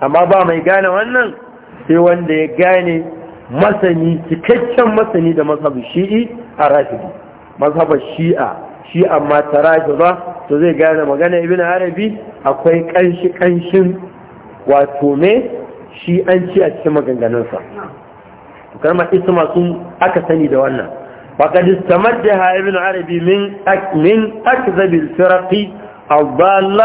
amma ba mai gane wannan sai wanda ya gane masani cikakken masani da mazhabi shi'i a rafidi mazhabar shi'a shi amma ta ba to zai gane magana ibina arabi akwai kanshi kanshin wato me shi an ci a cikin maganganunsa ma isma sun aka sani da wannan faqad istamaddaha ibn arabi min min akzab al-firqi ad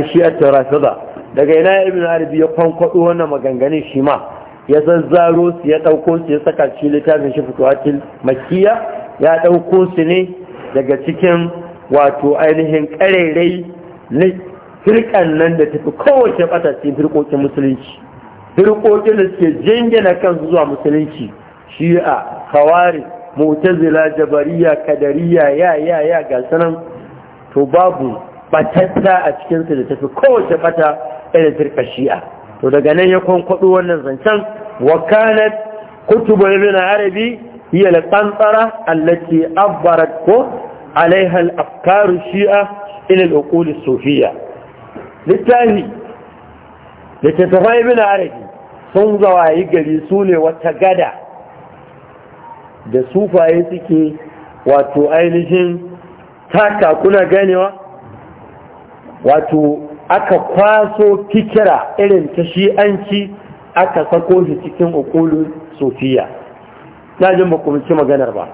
ashiyat rafida daga ina ibn arabi ya kwankwado wannan maganganun shi ma ya zazzaro su ya dauko su ya saka shi littafin shi futuwatil makkiya ya ɗauko su ne daga cikin wato ainihin karerai na firkan nan da tafi kowace ɓata cikin firkokin musulunci firƙoƙin da suke jingina kansu zuwa musulunci shi'a kawari mutazila jabariya kadariya ya ya ya ga sanan to babu batatta a cikinsu da tafi kowace bata irin firka shi'a to daga nan ya kwankwado wannan zancen wakanat kutubu ibn arabi hiya al-qantara allati abbarat ko alaiha al-afkar shi'a ila al-uqul sufiyya littafi littafi ibn arabi sun zawayi gari su ne wata gada da sufaye suke wato ainihin taka kuna ganewa wato aka kwaso fikira irin ta shi'anci aka sako shi cikin okulu sofiya na jin ba maganar ba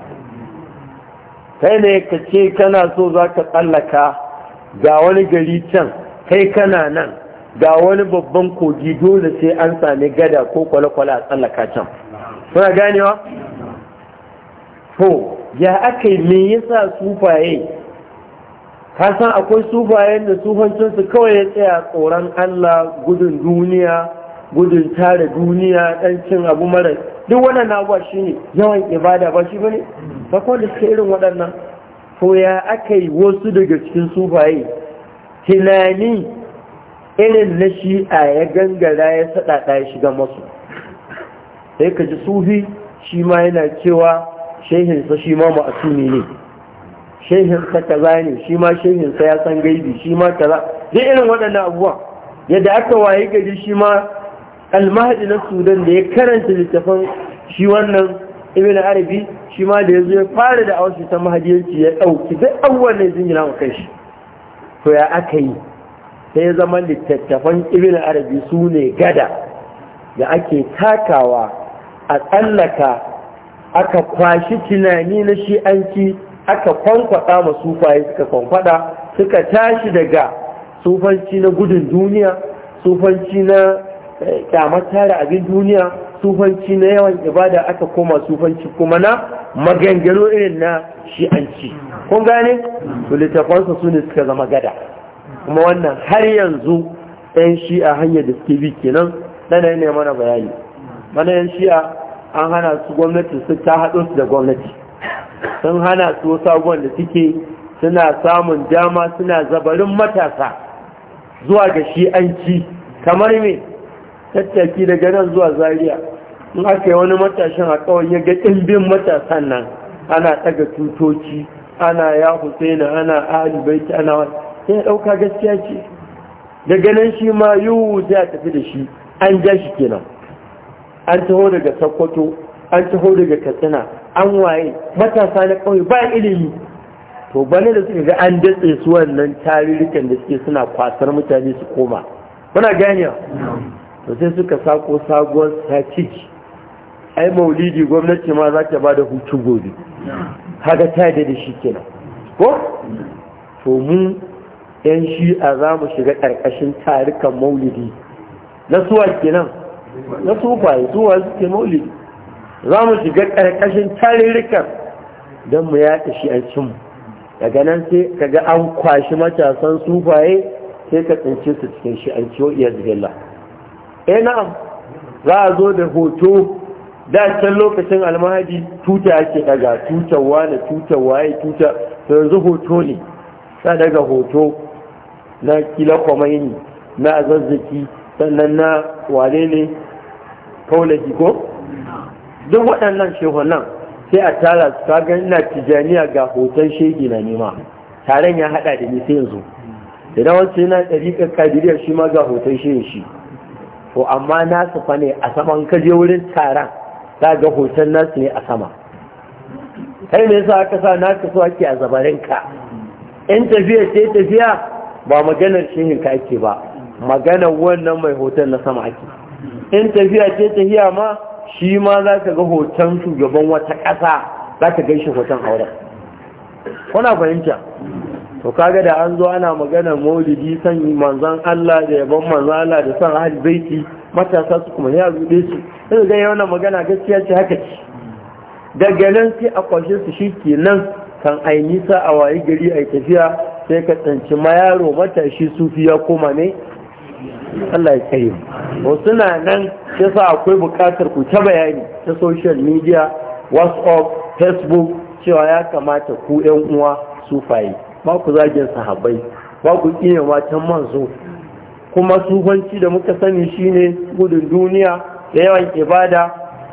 kai ne ka ce kana so za ka tsallaka ga wani gari can kai kana nan ga wani babban kogi dole sai an sami gada ko kwale-kwale a tsallaka can suna ganewa? to ya aka yi me yasa sufaye ka san akwai sufayen da sufancinsu kawai ya tsaya tsoron allah gudun duniya gudun tare duniya dan cin abu mara duk waɗannan abuwa shi ne yawan ibada ba shi ba ne ba da suke irin waɗannan to ya aka yi wasu daga cikin sufaye tunani irin na shi'a ya gangara ya saɗaɗa ya shiga masu sai ka ji sufi shi ma yana cewa shehinsa shi ma ma'asumi ne shehinsa za ne shi ma shehinsa ya san gaibi shi ma za. duk irin waɗannan abubuwan yadda aka waye gari shi ma almahadi na sudan da ya karanta littafin shi wannan ibn arabi shi ma da ya zo ya fara da awashi ta mahadiyarci ya ɗauki duk abubuwan da ya jingina wa kai shi to ya aka yi sai ya zama littattafan ibn arabi su ne gada da ake takawa a tsallaka aka kwashi tunani na shi'anci aka kwankwada ma sufaye suka kwankwada suka tashi daga sufanci na gudun duniya sufanci na eh, kyamar tare abin duniya sufanci na yawan ibada aka koma sufanci kuma na maganganu irin na shi'anci kun gane? littafansa su ne suka zama gada kuma wannan har yanzu yan shi'a hanyar da suke bi kenan ɗana ne mana bayani mana yan shi'a an hana su gwamnati su ta haɗo su da gwamnati sun hana su wasu abubuwan da suke suna samun dama suna zabarin matasa zuwa ga shi'anci kamar me tattaki daga nan zuwa zaria in aka yi wani matashin a kawai ya ga ɗimbin matasan nan ana ɗaga tutoci ana ya husaina ana ahalibaiti ana wani sai ya ɗauka gaskiya ce daga nan shi ma yiwu zai tafi da shi an ja shi kenan an taho daga sakkwato an taho daga katsina an waye matasa na ƙauye ba ilimi to bane da suka ga an datse su wannan taririkan da suke suna kwasar mutane su koma muna ganewa to sai suka sako sabuwar satiki ai maulidi gwamnati ma za ta ba da hutu gobe haka ta da shi kenan ko to mun yan shi'a za mu shiga ƙarƙashin tarikan maulidi na suwa kenan na sufaye suwa suke maulidi za mu shiga ƙarƙashin tarikan don mu a shi'ancinmu daga nan sai ka ga an kwashi matasan sufaye sai ka tsinci su cikin shi'anci wa iya zubilla eh na'am za a zo da hoto da can lokacin almahadi tuta ake daga tutawa da tutawa waye tuta yanzu hoto ne sa daga hoto na kila kwamaini na azazzaki sannan na wale ne kaulaji ko duk waɗannan shehunan sai a tara su gani ina tijaniya ga hoton shege na nema taron ya haɗa da nisa yanzu idan wacce yana ɗariƙar kadiriyar shi ma ga hoton shege shi to amma nasu fa ne a saman kaje wurin taron ta ga hoton nasu ne a sama kai ne sa aka sa naka so ake a zabarinka in tafiya sai tafiya ba maganar shehin ka ake ba maganar wannan mai hoton na sama ake in tafiya ce tafiya ma shi ma za ka ga hoton shugaban wata ƙasa za ka gan shi hoton auren kuna fahimta to kaga da an zo ana maganar maulidi san manzan Allah da yabon manzan Allah da san ahli baiti matasa su kuma ya zuɗe su sai ga yawan magana gaskiya ce haka ce daga nan sai a kwashe su shi kenan kan ai nisa a wayi gari ai tafiya sai ka tsanci mayaro matashi sufi ya koma ne Allah ya tsaye wasu suna nan sa akwai bukatar ku ta bayani ta social media whatsapp facebook cewa ya kamata ku yan uwa su sufaye ba ku zagin sahabbai ba ku iya matan manzo kuma sufanci da muka sani shine gudun duniya da yawan ibada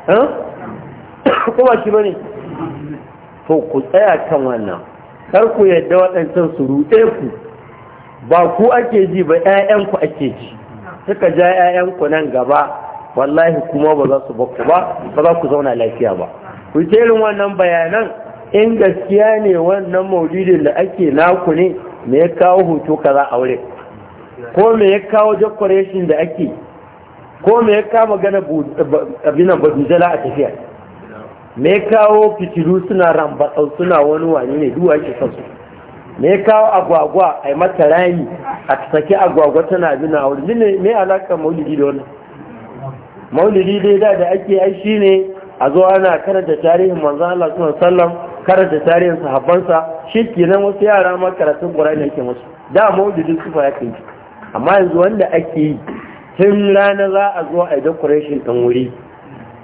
kuma shi bane to ku tsaya kan wannan kar ku yadda waɗancan su ruɗe ku ba ku ake ji ba 'ya'yanku ake ji suka ja 'ya'yanku nan gaba wallahi kuma ba za su baku ba ba za ku zauna lafiya ba ku irin wannan bayanan in gaskiya ne wannan maulidin da ake naku ne me ya kawo hoto kaza a wurin ko me ya kawo decoration da ake ko me ya kawo magana abinan ba a tafiya me kawo fitilu suna rambatsau suna wani wani ne duwa ke sasu me kawo agwagwa a mata rami a saki agwagwa tana na wuri ne me alaka maulidi da wani? maulidi dai da da ake ai ne a zo ana karanta tarihin manzan Allah suna alaihi karanta tarihin sahabbansa nan wasu yara ma karatun Qur'ani yake musu da maulidi sufa yake amma yanzu wanda ake yi tun rana za a zo a yi decoration ɗin wuri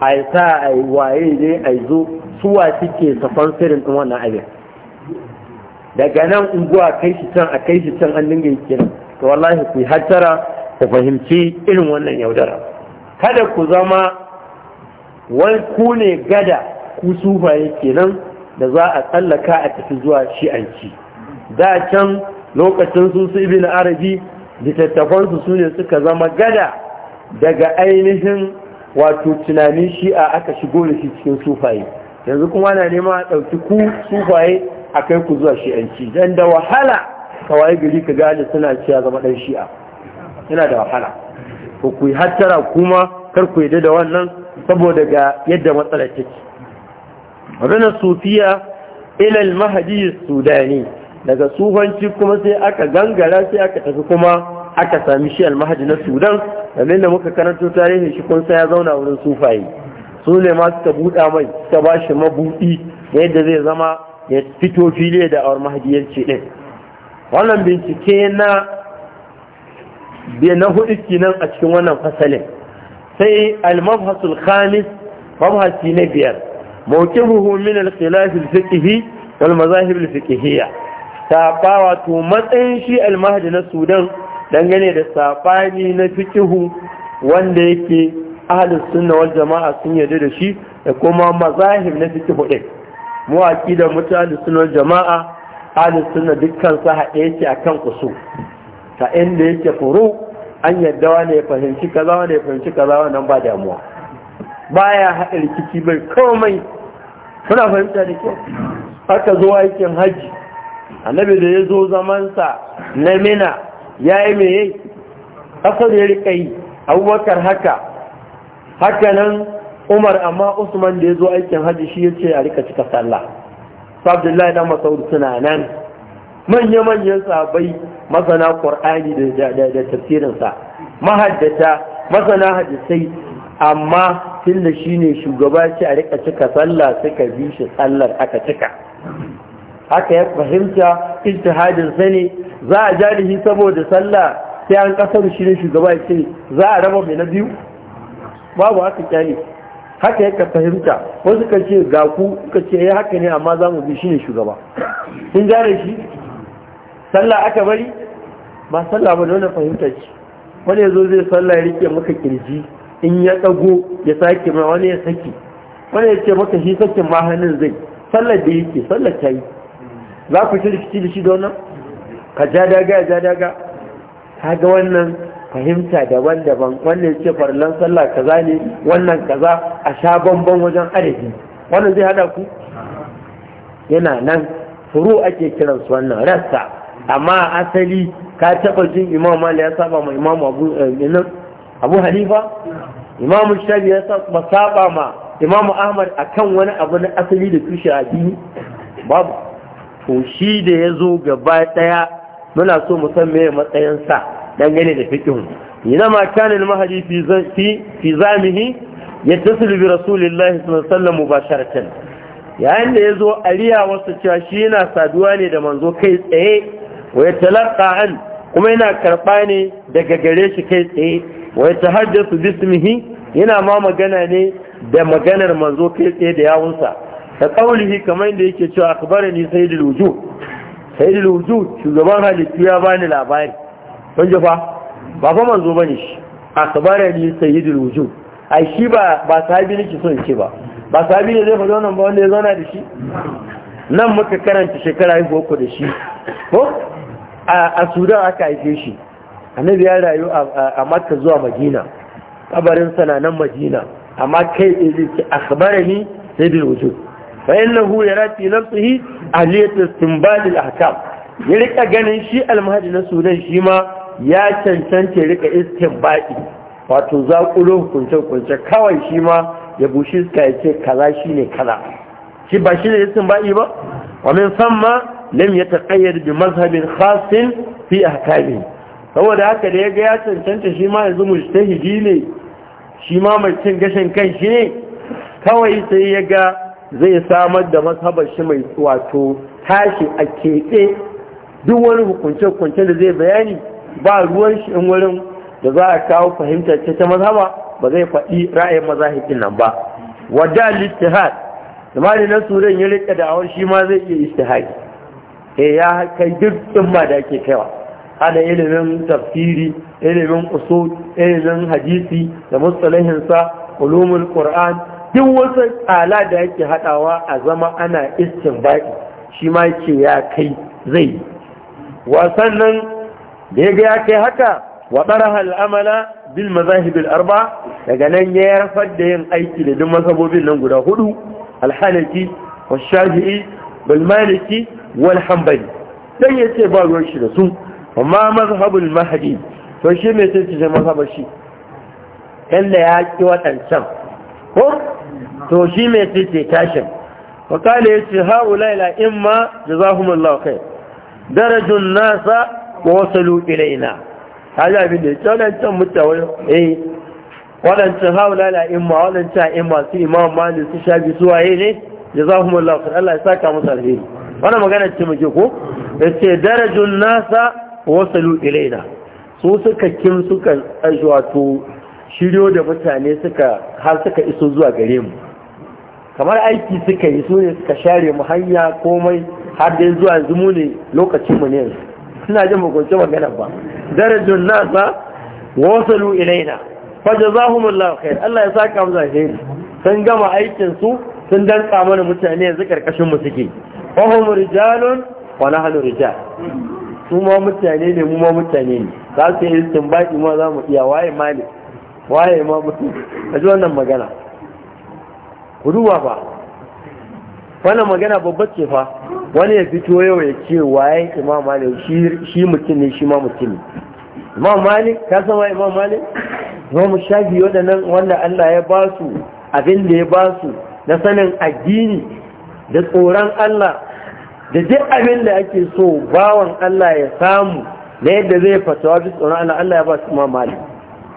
a sa a waye ne a zo suwa suke safan sirin ɗin wannan abin daga nan unguwa kai shi can a kai shi can an dinga kiran to wallahi ku hattara ku fahimci irin wannan yaudara kada ku zama wai ku ne gada ku sufaye kenan da za a tsallaka a tafi zuwa shi shi'anci da can lokacin su su na arabi littattafansu su ne suka zama gada daga ainihin wato tunanin shi'a aka shigo da shi cikin sufaye yanzu kuma na nema a ɗauki ku sufaye a kai ku zuwa shi'anci dan da wahala kawai gari ka gane suna cewa zama ɗan shi'a yana da wahala ko ku yi hattara kuma kar ku yi da wannan saboda ga yadda matsalar take rana sufiya ilal mahadi sudani daga sufanci kuma sai aka gangara sai aka tafi kuma aka sami shi almahadi na sudan kamar da muka karanto tarihin shi kun ya zauna wurin sufaye su ne ma suka buɗa mai suka ba shi mabuɗi yadda zai zama ya fito fili da awar mahadiyarci ɗin wannan bincike na na hudu kinan a cikin wannan fasalin sai al-mabhasul khamis mabhasi na biyar mawqifuhu min al-khilaf al-fiqhi wal mazahib al ta ba wato matsayin shi al na sudan dangane da safani na fikihu wanda yake ahalin sunna wal jama'a sun yarda da shi da kuma mazahib na fikihu ɗin mu aqidar mutane sunna wal jama'a ahalin sunna dukkan sa haɗe yake akan kusu ta inda yake furu an yadda wani ya fahimci kaza wani ya fahimci kaza wannan ba damuwa baya haɗa rikici bai komai kuna fahimta da kyau aka zo aikin hajji annabi da ya zo zamansa na mina ya yi meye asar ya rika yi abubakar haka haka nan umar amma usman da ya zo aikin hajji shi ya ce a rika cika sallah abdullahi na masaud suna nan manya-manyan sabai masana ƙwar'ani da tafsirinsa mahaddata masana hadisai amma tun da shi ne shugaba ce a rika cika sallah suka bi shi sallar aka cika haka ya fahimta ijtihadin sa ne za a jarihi saboda sallah sai an kasar shi ne shugaba ya ce za a raba mai na biyu babu haka kyale haka ya fahimta wasu ka ce ga ku ka ce ya eh, haka ne amma za mu bi shi ne shugaba sun jare shi sallah aka bari ba sallah ba nuna fahimta ce wani ya zo zai sallah ya rike maka kirji in ya tsago ya sake ma wani ya saki wani ya ce maka shi sakin ma hannun zai sallar da yake sallar ta yi za ku ci rikici da shi da wannan ka ja daga ya ja daga ga wannan fahimta daban-daban wannan ya ce farlan sallah kaza ne wannan kaza a sha bambam wajen arihi wannan zai hada ku yana nan furu ake kiransu wannan rassa amma asali ka taba jin imam mali ya saba ma imam abu eh, abu halifa imam shafi ya saba ma imam ahmad akan wani abu na asali da tushe addini babu to shi da ya zo gaba ɗaya muna so mu san meye matsayinsa dangane da fiƙin ina ma kanin mahadi fi zamihi ya tasiru bi rasulillahi sallallahu mubasharatan yayin da ya zo a riya wasu cewa shi yana saduwa ne da manzo kai tsaye wa ya talaka an kuma yana karɓa ne daga gare shi kai tsaye wa ya tahaddasu bismihi yana ma magana ne da maganar manzo kai tsaye da yawunsa da ƙaulihi kamar da yake cewa akbara ni sai da lujo sai da luju shugaban halittu ya bani labari don jafa ba fa manzo ba ne shi akbara ni sai da lujo ai shi ba ba ne nake son ce ba ba sahabi ne zai faɗo nan ba wanda ya zauna da shi nan muka karanta shekara yi boko da shi ko a sudan aka haife shi annabi ya rayu a makka zuwa madina kabarin sana nan madina amma kai tsaye zai ce akbara ni sai da lujo fa innahu yara fi nafsihi ahliyat istinbad al ahkam ya rika ganin shi al almahdi na sunan shi ma ya cancanta ya rika istinbadi wato zakulo hukunce hukunce kawai shi ya bushi suka ya ce kaza shine kaza shi ba shine istinbadi ba wa min samma lam yataqayyad bi mazhabin khasin fi ahkamihi saboda haka da ya ga ya cancanta shi ma yanzu mujtahidi ne shi ma mai cin gashin kan shi ne kawai sai ya ga zai samar da mazhabar shi mai wato tashi a keɓe duk wani hukunce-hukunce da zai bayani ba ruwan shi in wurin da za a kawo fahimtar ce ta mazhaba ba zai faɗi ra'ayin mazahikin nan ba wadda al-istihad zamani na suran ya rika da awar shi ma zai iya istihadi eh ya kai duk imma da ake kaiwa ana ilimin tafsiri ilimin usul ilimin hadisi da mustalahin sa ulumul qur'an duk wasu tsala da yake haɗawa a zama ana istin baƙi shi ma ce ya kai zai wasan nan da ya ga ya kai haka wa ɗaraha al'amala bil mazahibil arba daga nan ya yarfar da yin aiki da duk masabobin nan guda hudu alhanaki wa shafi'i bal wal hanbali dan ya ce ba ruwan shi da su amma mazhabul mahadi to shi me sai ce mazhabar shi kalla ya ki waɗancan ko to shi mai sai tashin wakala ya ce haula ila imma kuma kai darajun nasa ko wasalu ilaina hada abin da ya ce wadancan mutawar yi eh, wadancan haula ila ma wadancan ma su imam malin su shafi su waye ne kuma kai Allah ya saka musu alheri wannan magana ce muke ko ce darajun nasa ko wasalu ilaina su suka kim suka to shiryo da mutane suka har suka iso zuwa gare mu kamar aiki suka yi sune suka share mu hanya komai har da zuwa yanzu mu ne lokacin mu ne suna jin mugunci magana ba darajun nasa wasalu ilaina fa khair Allah ya saka mu zahiri sun gama aikin su sun danka mana mutane yanzu karkashin mu suke fa hum rijalun wa nahnu rijal su ma mutane ne mu ma mutane ne za su yi istinbadi ma za mu iya waye ma ne waye ma mutum a ji wannan magana ruwa ba wannan magana babbar ce fa wani ya fito yau ya ce waye imam malik shi mutum ne shi ma mutum ne imam malik ka san wa imam malik mu shafi waɗannan wanda Allah ya ba su abin da ya ba su na sanin addini da tsoron Allah da duk abin da ake so bawan Allah ya samu na yadda zai fatawa duk tsoron Allah Allah ya ba su imam malik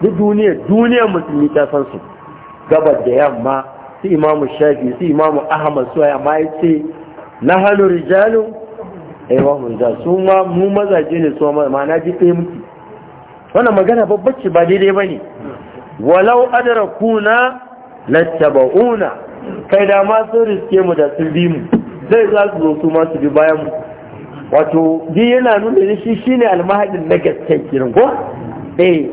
duk duniya duniyar musulmi ta san su gabar da yamma su imamu shafi su imamu ahmad su ya ma na halu rijalu eh wa mun da su ma mu mazaje ne su ma na ji ɗaya muke wannan magana babba'ci ba daidai bane walau adrakuna lattaba'una kai da ma sun riske mu da sun bi mu zai za su zo su ma su bi bayan mu wato bi yana nuna ne shi shine almahadin na gaskiya kirin ko eh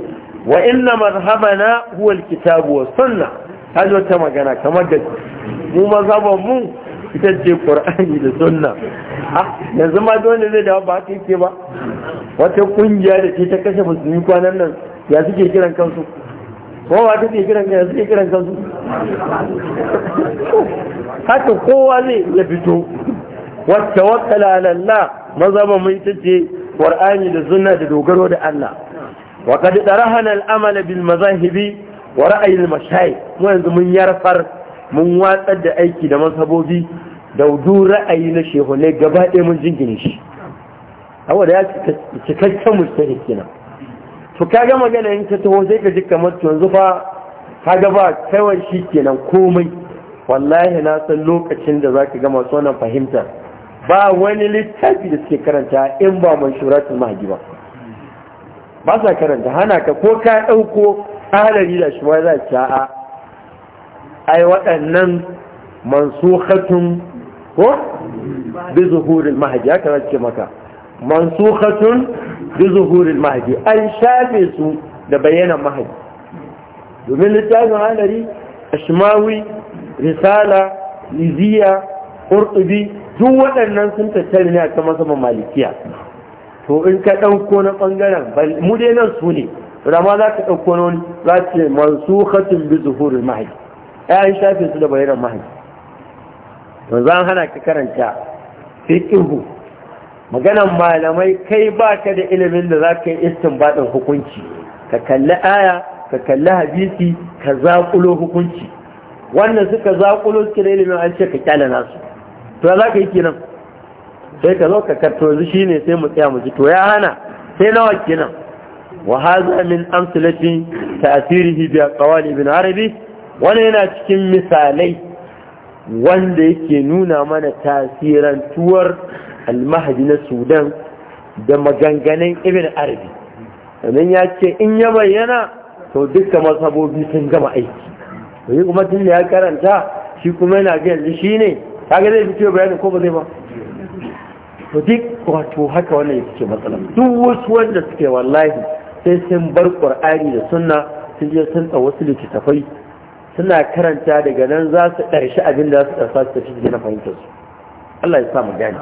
wa inna madhhabana huwa alkitabu wa sunnah ta ji wata magana kamar da mu mazhaban mu ita ce qur'ani da sunna yanzu ma dole zai dawo ba haka yake ba wata ƙungiya da ce ta kashe musulmi kwanan nan ya suke kiran kansu kowa ta ke kiran kansu suke kiran kansu haka kowa zai ya fito wata wata lalala maza ba mai ita ce qur'ani da sunna da dogaro da Allah wa kadi darahana al-amala bil mazahibi wa ra'ayin mashayi mu yanzu mun yarfar mun watsar da aiki da masabobi da wudu ra'ayi na shehu ne gaba ɗaya mun jingine shi da ya cikakken mustahil kenan to kaga magana in ka taho sai ka ji kamar to yanzu fa kaga ba kawai shi kenan komai wallahi na san lokacin da zaka ka gama wannan fahimta ba wani littafi da suke karanta in ba manshuratul mahdi ba ba sa karanta hana ka ko ka ɗauko ahalari da shi ma za ki a ai waɗannan mansukhatun ko bi zuhurin mahdi ya za ce maka mansukhatun bi zuhurin mahdi an shafe su da bayyana mahdi domin littafin halari ashmawi risala liziya qurtubi duk waɗannan sun tattare ne a kan malikiya to in ka ɗauko na ɓangaren mu dai nan su ne rama za ka ɗauko na wani za ce mansu khatin bi zuhurin mahai ɗayan shafin su da bayanan mahai to zan hana ka karanta fiqhu maganan malamai kai ba ka da ilimin da za ka yi istinbadin hukunci ka kalli aya ka kalli hadisi ka zaƙulo hukunci wannan suka zaƙulo suke da ilimin an ce ka kyale nasu to za ka yi kenan sai ka zo ka karto shi ne sai mu tsaya mu ji to ya hana sai nawa kenan wa hadha min amsalati ta'sirihi bi qawali ibn arabi wani yana cikin misalai wanda yake nuna mana tasirin tuwar al-mahdi na sudan da maganganun ibn arabi dan ya ce in ya bayyana to dukkan masabobi sun gama aiki to yi kuma tun ya karanta shi kuma yana ga yanzu shine kaga zai fito bayani ko ba zai ba to duk wato haka wannan yake matsala duk wasu wanda suke wallahi sai sun bar qur'ani da sunna sun je sun tsawo wasu littattafai suna karanta daga nan za su ɗarshi abin da za su ɗarsa su tafi na fahimtar su Allah ya mu gani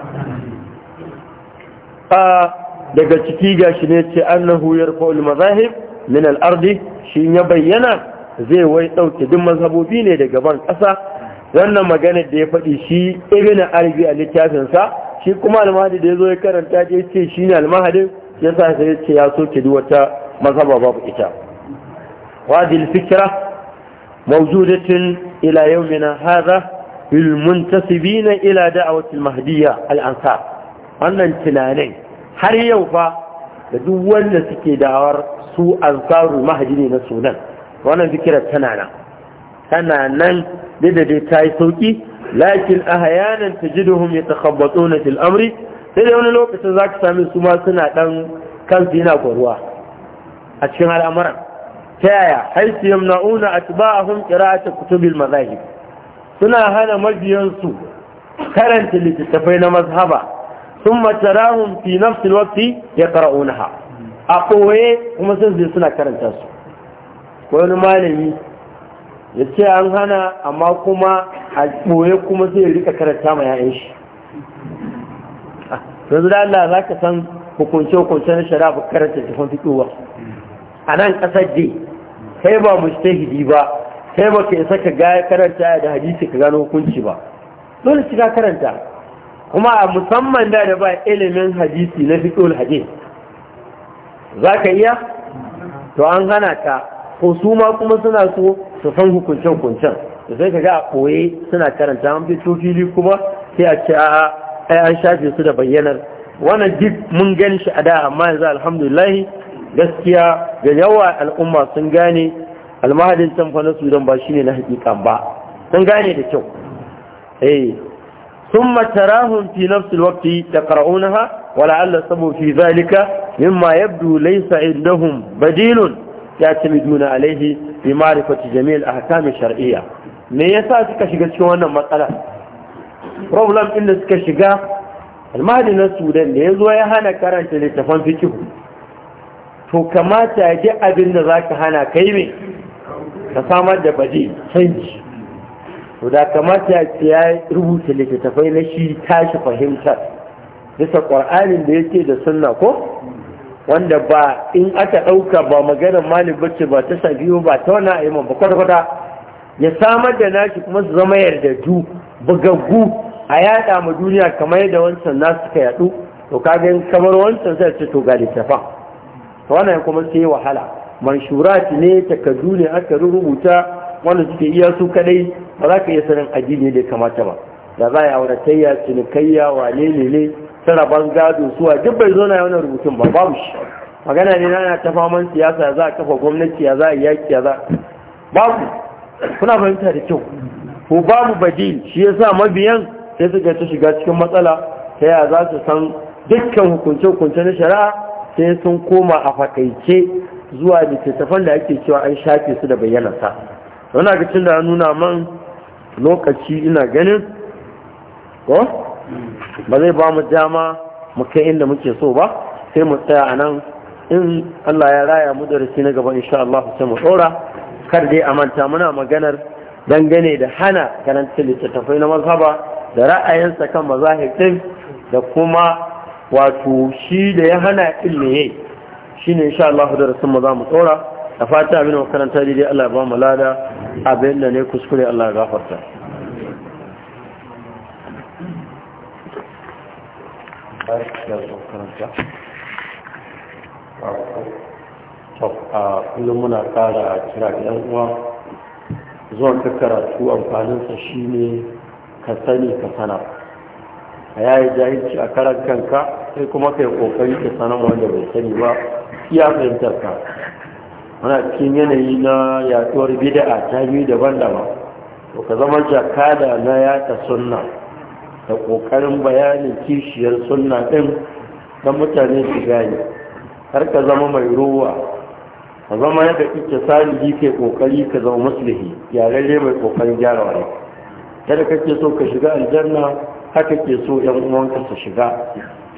a daga ciki gashi ne ce annahu yarfa'ul mazahib min al-ardi shi ya bayyana zai wai ɗauke duk mazhabobi ne daga ban ƙasa wannan magana da ya faɗi shi ibn arabi a littafinsa shi kuma almahadi da ya zo ya karanta ya ce shi ne almahadin ya sa sai ya ce ya soke duk wata mazhaba babu ita wadil fikra mawjudatin ila yawmina hadha bil muntasibina ila da'awati al-mahdiyya al-ansar wannan tunanin har yau fa da duk wanda suke dawar su ansaru mahdi ne na sunan wannan fikira tana nan tana nan Daidai da dai ta yi sauki lakin a hayanan ta ji duhun ya takabbato na fil'amri sai da wani lokacin za ka sami su ma suna ɗan kansu yana gwarwa a cikin al'amuran ta yaya a yamna'una atba'ahum qira'ata kutubil mazahib suna hana mabiyansu karanta littattafai na mazhaba thumma tarahum fi nafsi alwaqti yaqra'unaha a koye kuma sun je suna karanta su wani malami ya ce an hana amma kuma a ɓoye kuma zai rika karanta ma ya'yan shi yanzu da Allah za ka san hukunce-hukunce na shari'a karanta tafin fitowa a nan ƙasar dai kai ba mu hidi ba kai ba ka isa ka gaya karanta da hadisi ka gano hukunci ba dole shi ka karanta kuma a musamman da da ba ilimin hadisi na fiqhul hadi za ka iya to an hana ka ko su ma kuma suna so su san hukunce-hukuncen da sai ka ga a ɓoye suna karanta an fito fili kuma sai a ce a an shafe su da bayyanar wannan duk mun gani shi a da amma yanzu alhamdulillah gaskiya ga yawa al'umma sun gane almahadin tamfa na sudan ba shine na hakikan ba sun gane da kyau eh ثم تراهم في نفس الوقت يقرؤونها ولعل السبب في ذلك مما يبدو ليس عندهم بديل yatimiduna alaihi bi ma'rifati jami'il ahkam shar'iyya me yasa suka shiga cikin wannan matsala problem din da suka shiga almahdi na sudan da yazo ya hana karanta littafan fiqh to kamata ya ji abin da zaka hana kai me ka samar da baje canji to da kamata ya rubuta littattafai na shi tashi fahimtar bisa ƙwar'anin da yake da sunna ko wanda ba in aka ɗauka ba maganar malin bacci ba ta biyu ba ta wani aiman ba kwata-kwata ya samar da nashi kuma su zama yardaju bugaggu a yada ma duniya kamar yadda wancan nasu suka yadu to kaga kamar wancan zai ce to ga littafan ta wani kuma sai wahala manshurat ne ta takardu ne aka rubuta wanda suke iya su kadai ba za ka iya sanin addini da kamata ba da za a yi auratayya cinikayya wane ne ne ban gado suwa duk bai zo na yawon rubutun ba babu shi magana ne na ta faman siyasa za a kafa gwamnati ya za a yaki ya za babu kuna fahimta da kyau ko babu badil shi ya sa mabiyan sai suka ta shiga cikin matsala ta yaya za su san dukkan hukunce-hukunce na shari'a sai sun koma a fakaice zuwa littattafan da ake cewa an shafe su da bayyanarsa wani ga cin da nuna man lokaci ina ganin ko ba zai ba mu dama mu kai inda muke so ba sai mu tsaya a nan in Allah ya raya mu da na gaba insha Allah sai mu dora kar dai a manta muna maganar dangane da hana karanta littattafai na mazhaba da ra'ayinsa kan mazahibin da kuma wato shi da ya hana ilmi shine insha Allah da mu za mu dora da fata abin makaranta daidai Allah ya ba mu lada abin da ne kuskure Allah ya gafarta a kullum muna kara kira yan uwa zuwan ka karatu amfaninsa ne ka sani ka sana a yayi jahilci a karan kanka sai kuma kai kokari ka sanar wanda bai sani ba iya fahimtar ka muna cikin yanayi na yaduwar bid'a ta biyu daban-daban to ka zama jakada na yata sunna da ƙoƙarin bayanin kishiyar sunna ɗin don mutane su gane har ka zama mai ruwa ka zama yadda kike salihi kai ƙoƙari ka zama musulhi ne mai ƙoƙarin gyara wani yadda kake so ka shiga aljanna haka ke so yan uwanka su shiga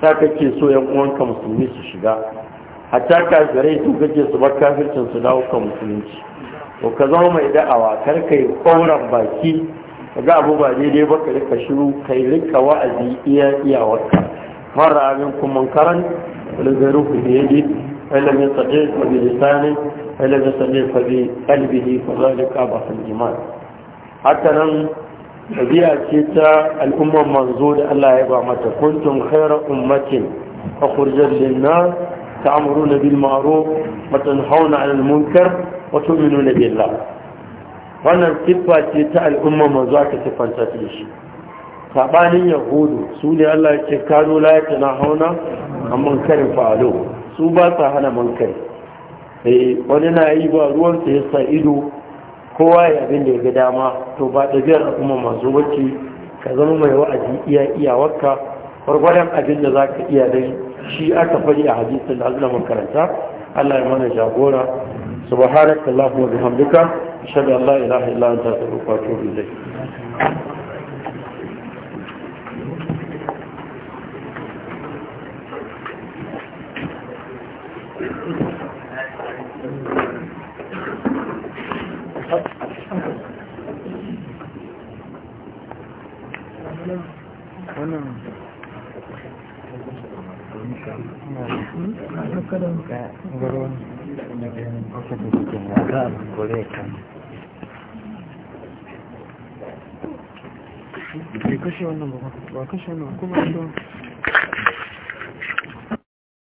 sa kake so yan uwanka musulmi su shiga hatta kafirai su kake su bar kafircin su dawo kan musulunci to ka zama mai da'awa kar ka yi baki ka ga abu ba daidai ba ka rika shiru kai rika wa'azi iya iyawarka mara abin kuma karan da ولغيره بيده فلم يستطيع فبلسانه فلم يستطيع فبقلبه فذلك أبعث الإيمان حتى نم tabi'a ce ta al'ummar manzo da Allah ya ba mata kuntum khairar ummatin a kurjar linna ta amuru na bil maro matan hauna al munkar wato minu na billah wannan siffa ce ta al'umma manzo aka siffanta ta da shi sabanin yahudu su ne Allah ya ce kano la na hauna a mankarin fa'alo su ba sa hana mankari eh wani na yi ba ruwan sa yasa ido kowa ya abin da ya ga dama to ba ɗabi'ar al'umma manzo wacce ka zama mai wa'azi iya wakka gwargwadon abin da zaka iya dai shi aka fari a hadisin da azulamin karanta Allah ya mana jagora سبحانك اللهم وبحمدك اشهد ان لا اله الا انت اتوب اليك kashe wannan ba kashe wannan kuma